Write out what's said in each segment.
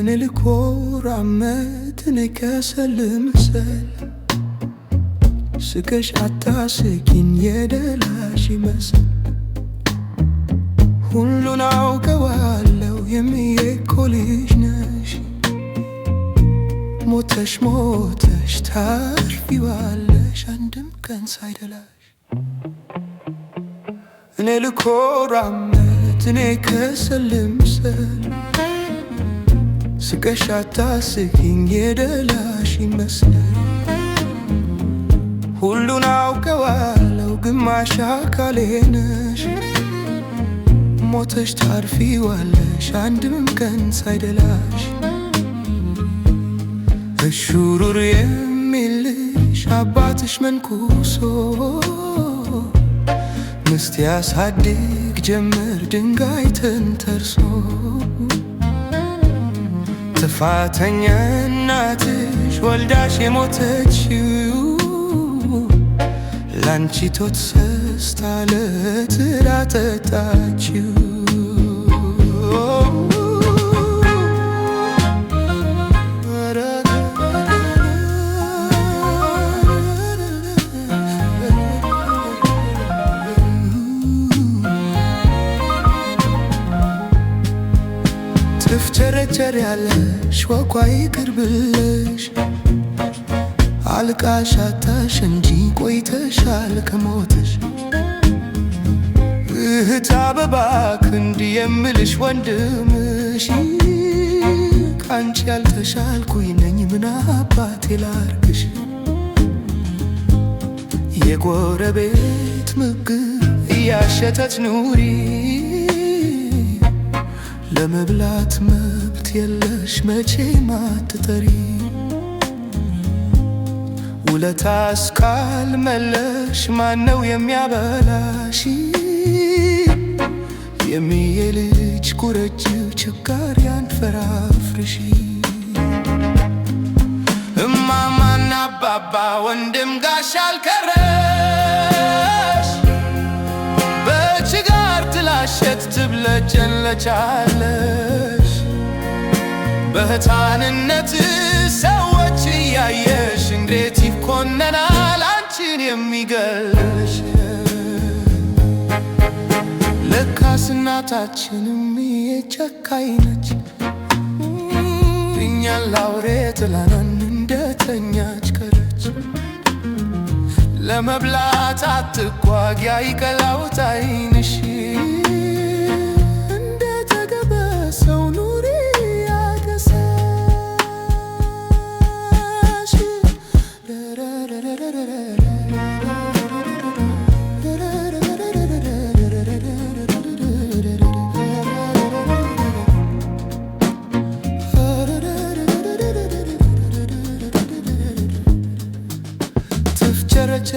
እኔ ልኮራመት እኔ ከሰል ምሰል ስቀሽ አታስቂኝ የደላሽ ይመስል ሁሉን አውቀዋለሁ የሚዬ እኮ ልጅ ነሽ ሞተሽ ሞተሽ ታርፊዋለሽ አንድም ቀን ሳይደላሽ እኔ ልኮራመት እኔ ከሰል ምሰል ስቀሻ ታስኪኝ የደላሽ ይመስላል ሁሉን አውቀዋለው ግማሽ አካሌ ሞተሽ ታርፊ ዋለሽ አንድም ቀን ሳይደላሽ እሹሩር የሚልሽ አባትሽ መንኩሶ ምስት ያሳድግ ጀመር ድንጋይ ተንተርሶ ጥፋተኛ እናትሽ ወልዳሽ የሞተችው ላንቺ ቶት ሰስታ ትፍቸረቸር ያለሽ ዋጓ ይቅርብልሽ አልቃሽ አታሽ እንጂ ቆይተሻል ከሞትሽ እህት አበባ ክንድ የምልሽ ወንድምሽ ካንቺ ያልተሻልኩኝ ነኝ ምን አባቴ ላርግሽ የጎረቤት ምግብ እያሸተት ኑሪ ለመብላት መብት የለሽ መቼ ማትጠሪ ውለታስ መለሽ ማነው የሚያበላሽ? የሚዬ ልጅ ኩረጅው ችጋሪ አንፈራፍርሽ። እማማና አባባ ወንድም ጋሻ አልከረም ደጀን ለቻለሽ በሕፃንነት ሰዎች እያየሽ እንዴት ይኮነናል አንቺን የሚገልሽ ለካስ እናታችንም የጨካኝ ነች እኛን ላውሬ ትላለን እንደተኛች ቀረች ለመብላት አትጓጊ አይቀላውት አይንሽ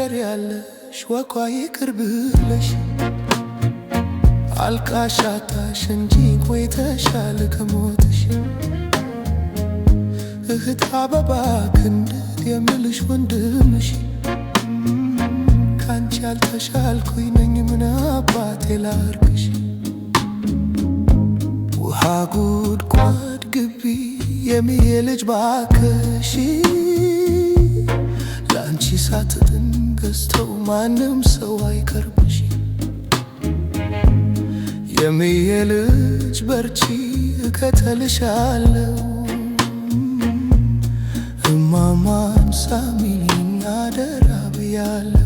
ነገር ያለሽ ወኳ ይቅርብለሽ አልቃሻታሽ እንጂ ቆይተሻል ከሞትሽ እህት አበባ ክንድት የምልሽ ወንድምሽ ካንቺ ያልተሻልኩኝ ነኝ ምን አባቴ ላርግሽ ውሃ ጉድጓድ ግቢ የሚልጅ ባክሽ አንቺ ሳትጥን ገዝተው ማንም ሰው አይቀርብሽ። የሚዬ ልጅ በርቺ እከተልሻለሁ። እማማም ሳሚኝ አደራ ብያለሁ።